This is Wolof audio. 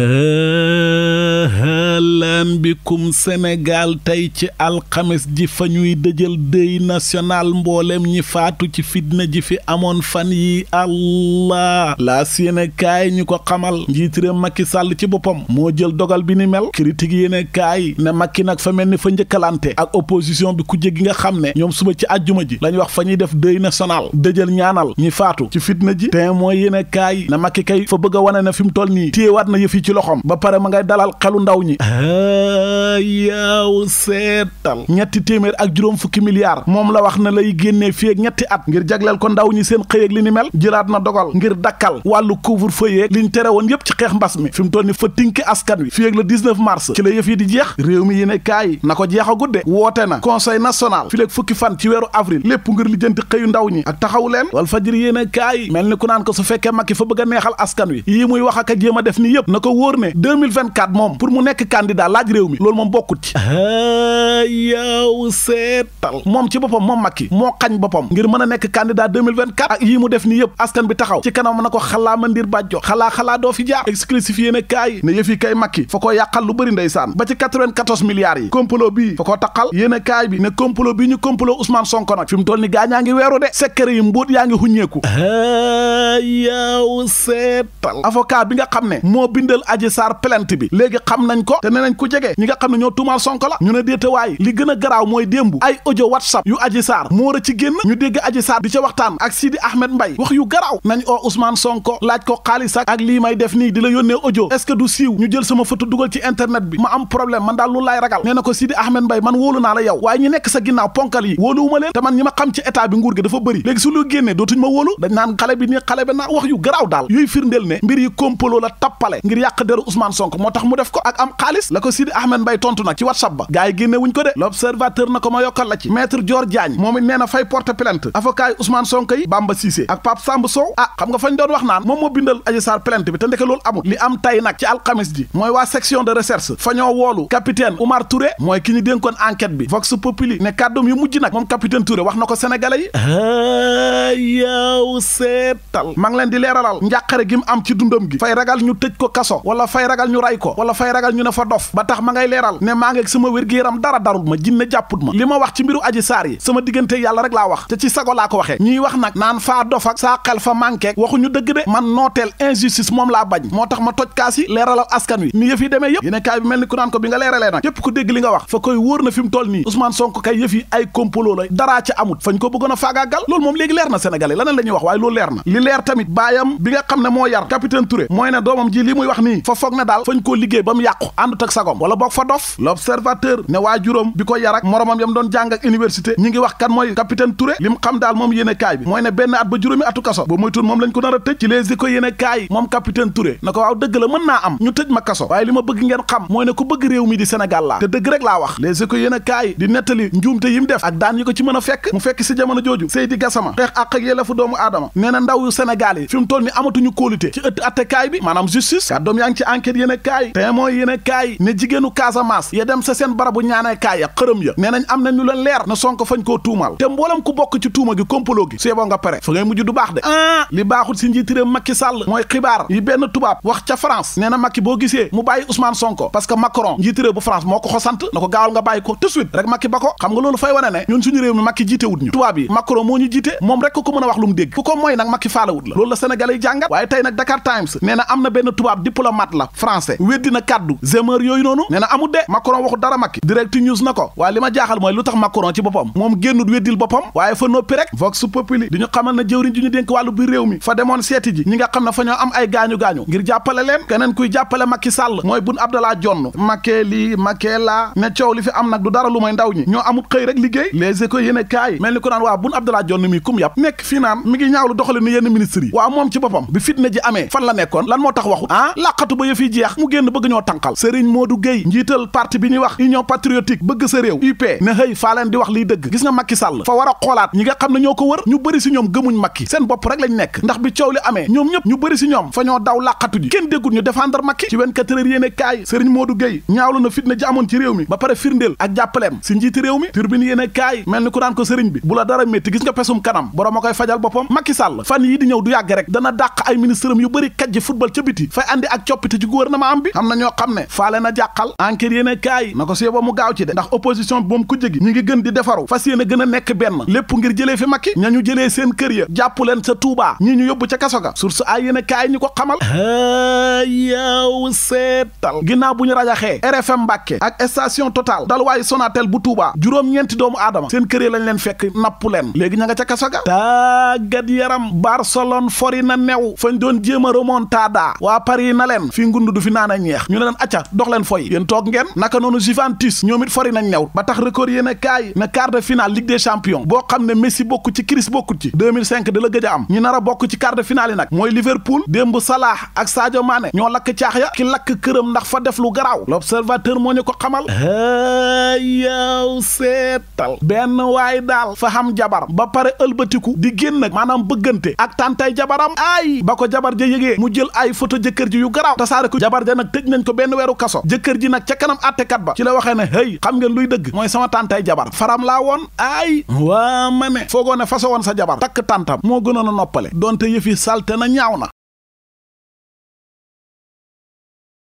Uh... marhaban bikum Sénégal tey ci alxames ji fa ñuy dëjël deuil national mbooleem ñi faatu ci fitna ji fi amoon fan yi allah laa yéene kaay ñu ko xamal njiitu réew Macky Sall ci boppam moo jël dogal bi ni mel critique yéene kaay ne Macky nag fa mel ni fa njëkkalante ak opposition bi ku jéggi nga xam ne ñoom suba ci àjjuma ji lañ wax fa ñuy def deuil national dëjël ñaanal ñi faatu ci fitna ji te mooy yéene kaay ne Macky kay fa bëgg a wane na fi mu toll nii téyewaat na yëf yi ba pare ma ngay dalal xelu ndaw ñi ah. yaaw seetal ñetti téeméer ak juróom fukki milliards moom la wax na lay génnee fii ak ñetti at ngir jagleel ko ndaw ñi seen xëy ak li ni mel jëlaat na dogal ngir dakkal wàllu couvre-feu yeeg li tere woon yépp ci xeex mbas mi fi mu toll ni fa tinki askan wi fii ak le 19 mars ci la yëf yi di jeex réew mi yéene kaay na ko jeex a gudde woote na conseil national fi leeg fukki fan ci weeru avril lépp ngir lijjanti xëyu ndaw ñi ak taxaw leen wal fajir yéene kaay mel ni ku naan ko su fekkee Macky fa a neexal askan wi yii muy wax ak a jéem a def réew mi loolu moom bokkut ci yaw seetal moom ci boppam moom Macky moo xañ boppam ngir mën a nekk candidat 2024 ak yii mu def nii yëpp askan bi taxaw ci kanam na ko xalaa mandir bàjjo xalaa xalaa doo fi jaar exclusif yéene kaay ne yëf kay Macky fa ko yàqal lu bëri ndeysaan ba ci 94 milliards yi complot bii fa ko taqal yéene kaay bi ne complot bii ñu complot Ousmane Sonko nag fi mu toll ni gaa ngi weeru de secret yi mbóot yaa ngi huññeeku bi nga xam moo bindal Adji Sarr plainte bi léegi xam jege ñi nga xam ne ñoo tuumaal Sonko la ñu ne déetawaay li gën a garaaw mooy démbu ay audio whatsapp yu Adji Sarr moo ci génn ñu dégg Adji Sarr di ca waxtaan ak Sidi Ahmed Mbaye wax yu garaaw nañ oo Ousmane Sonko laaj ko xaalis ak ak lii may def nii di la yónnee audio est-ce que du siiw ñu jël sama photo dugal ci internet bi ma am problème man daal lu laay ragal nee na ko Sidi Ahmed Mbaye man wóolu naa la yow waaye ñi nekk sa ginnaaw ponkal yi wóoluwuma leen te palais ngir yàq deru Ousmane Sonko moo tax mu def ko ak am xaalis la ko Sidi Ahmed Mbaye tontu nag ci WhatsApp ba gars yi génne wuñ ko de l'observateur na ko ma yokkal la ci maître Dior Diagne moom it nee na fay porte plainte avocat yi Ousmane yi Bamba Cissé ak Pape Samb Sow ah xam nga fañ doon wax naan moom moo bindal Adji Sarr bi te ndeke loolu amul li am tay nag ci alxamis ji mooy waa section de recherche fa woolu capitaine Oumar Touré mooy ki ñu tëj wala fay ragal ñu ray ko wala fay ragal ñu ne fa dof ba tax ma ngay leeral ne maa ngeeg sama wér-gi-yaram dara daru ma jinne jàpput ma li ma wax ci mbiru aji saar yi sama diggante yàlla rek laa wax te ci sago laa ko waxee ñuy wax nag naan faa dof ak saa xel fa manqué waxuñu dëgg de man nooteel injustice moom laa bañ moo tax ma toj kaas yi leeralal askan wi ni yëf demee yëpp yéene bi mel ni ku naan ko bi nga leeralee nag képp ku dégg li nga wax fa na fi mu toll nii Ousmane Sonko kay yëf yi ay complot la daraa ci a faagaagal la ñuy wax waaye loolu leer na li moo yar capitaine Touré mooy ji li muy wax nii fa foog ne daal fañ koo liggéey ba mu yàqu àndut ak sagom wala boog fa dof l'observateur ne waajuram bi ko yar ak moromam yam doon jàng ak université ñi ngi wax kan mooy capitaine Touré li mu xam daal moom yéene kaay bi mooy ne benn at ba juróomi atu kaso ba moytuun moom lañ ko nar a tëj ci les éco yéene kaay moom capitaine Touré na ko waaw dëgg la mën naa am ñu tëj ma kaso waaye li ma bëgg ngeen xam mooy ne ku bëgg réew mi di a fekk mu fekk si jamono jooju Seydi Gassama justice kàddoom yaa ngi ci enquête yene kay temo te mooy yéen a kaay ne jigéenu Casamance ya dem sa seen barabu ñaanee kay ya xërëm ya nee nañ am na ñu leen leer na Sonko fañ koo tuumal te mbolam ku bokk ci tuuma gi complot gi su nga paré fa ngay mujj du baax de ah li baaxul si njiit réew Macky Sall mooy xibaar yi benn tubaab wax ca France nena na Macky boo gisee mu bàyyi Ousmane Sonko parce que Macron njiit réew bu France moo ko xosant na ko gaawal nga bàyyi ko tout de suite rek Macky ba ko xam nga loolu fay wane ne ñun suñu réew mi Macky jité wut ñu tubaab yi Macron moo ñu jiite moom rek ko mën a wax lu mu dégg ku ko mooy nag Macky faalawut la lolu la Sénégalais jangat waye tay nak Dakar Times nena amna ben tubaab diplomate la français weddi kàddu Zemmour yooyu noonu nee amut de Macron waxu dara Macky direct news na ko waaye li jaaxal mooy lu tax Macron ci boppam moom génnut weddil boppam waaye fa noppi rek vox populi di ñu xamal na jëwriñ di ñu dénk wàllu biir réew mi fa demoon seeti ji ñi nga xam ne fa ñoo am ay gaañu-gaañu ngir jàppale leen keneen kuy jàppale Macky Sall mooy Boun Abdallah Dionne Macky lii ne coow li fi am nag du dara lu ah làqatu ba yëf yi jeex mu génn bëgg ñoo tànqal Serigne Modou Gueye njiital parti bi ñuy wax Union patriotique bëgg sa réew UP ne xëy faa leen di wax liy dëgg gis nga Macky Sall fa war a xoolaat ñi nga xam ne ñoo ko wër ñu bëri si ñoom gëmuñ Macky seen bopp rek lañ nekk ndax bi coow li amee ñoom ñëpp ñu bëri si ñoom fa ñoo daw làqatu ji kenn déggul ñu défendre Macky ci 24 heures yéene kaay Serigne Modou Gueye ñaawlu na fitna ji ci réew mi ba pare firndeel ak jàppaleem si njiiti réew mi turbine ku naan ko sëriñ bi bu la dara métti gis nga pesum kanam borom a koy Sall fan yi di ñëw du yàgg rek dana dàq ay ministre yu bëri kaj ji biti fay andi ak coppite ci gouvernement am bi xam na ñoo xam ne faale na jàqal enquête yéen a kaay na ko si yoba mu gaaw ci de ndax opposition bi moom ku jëgi ñu ngi gën di defaru fas yéen a gën a nekk benn lépp ngir jële fi Macky ñañu jëlee seen kër ya jàpp leen sa Touba ñi ñu yóbbu ca kasoga ga source ay yéen a kaay ñu ko xamal yow seetal ginnaaw bu ñu rajaxee RFM Mbàkke ak station Total dal waaye Sonatel bu tuubaa juróom-ñeenti doomu aadama seen kër ya lañ leen fekk napp leen léegi ña nga ca kaso ga tàggat yaram Barcelone fori na new fañ doon jéem a waa Paris na leen fii ngund du fi naan a ñeex ñu ne leen acca dox leen foy yéen toog ngeen naka noonu Juventus ñoom it ñaw ba tax record yéen a kaay na quart de finale Ligue des boo xam ne Messi bokku ci Chris bokku ci 2005 da a am ñu nar a bokk ci quart de finale yi nag mooy Liverpool démb Salah ak Sadio Mané ñoo lakk caax ya ki lakk këram ndax fa def lu garaaw l'observateur moo ñu ko xamal yow seetal benn waay daal fa xam jabar ba pare ëlbatiku di génn maanaam bëggante ak tantay jabaram ay ba ko jabar ja yëgee mu jël ay photo jëkkër ji yu garaaw tasaare ko jabar ja nag tëj nañ ko benn weeru kaso jëkkër ji nag ca kanam àttekat ba ci la waxee ne hëy xam ngeen luy dëgg mooy sama tàntay jabar faram laa woon aay waa ma ne foogoo ne faso woon sa jabar takk tàntam moo gënoon a noppale donte yëfi salte na ñaaw na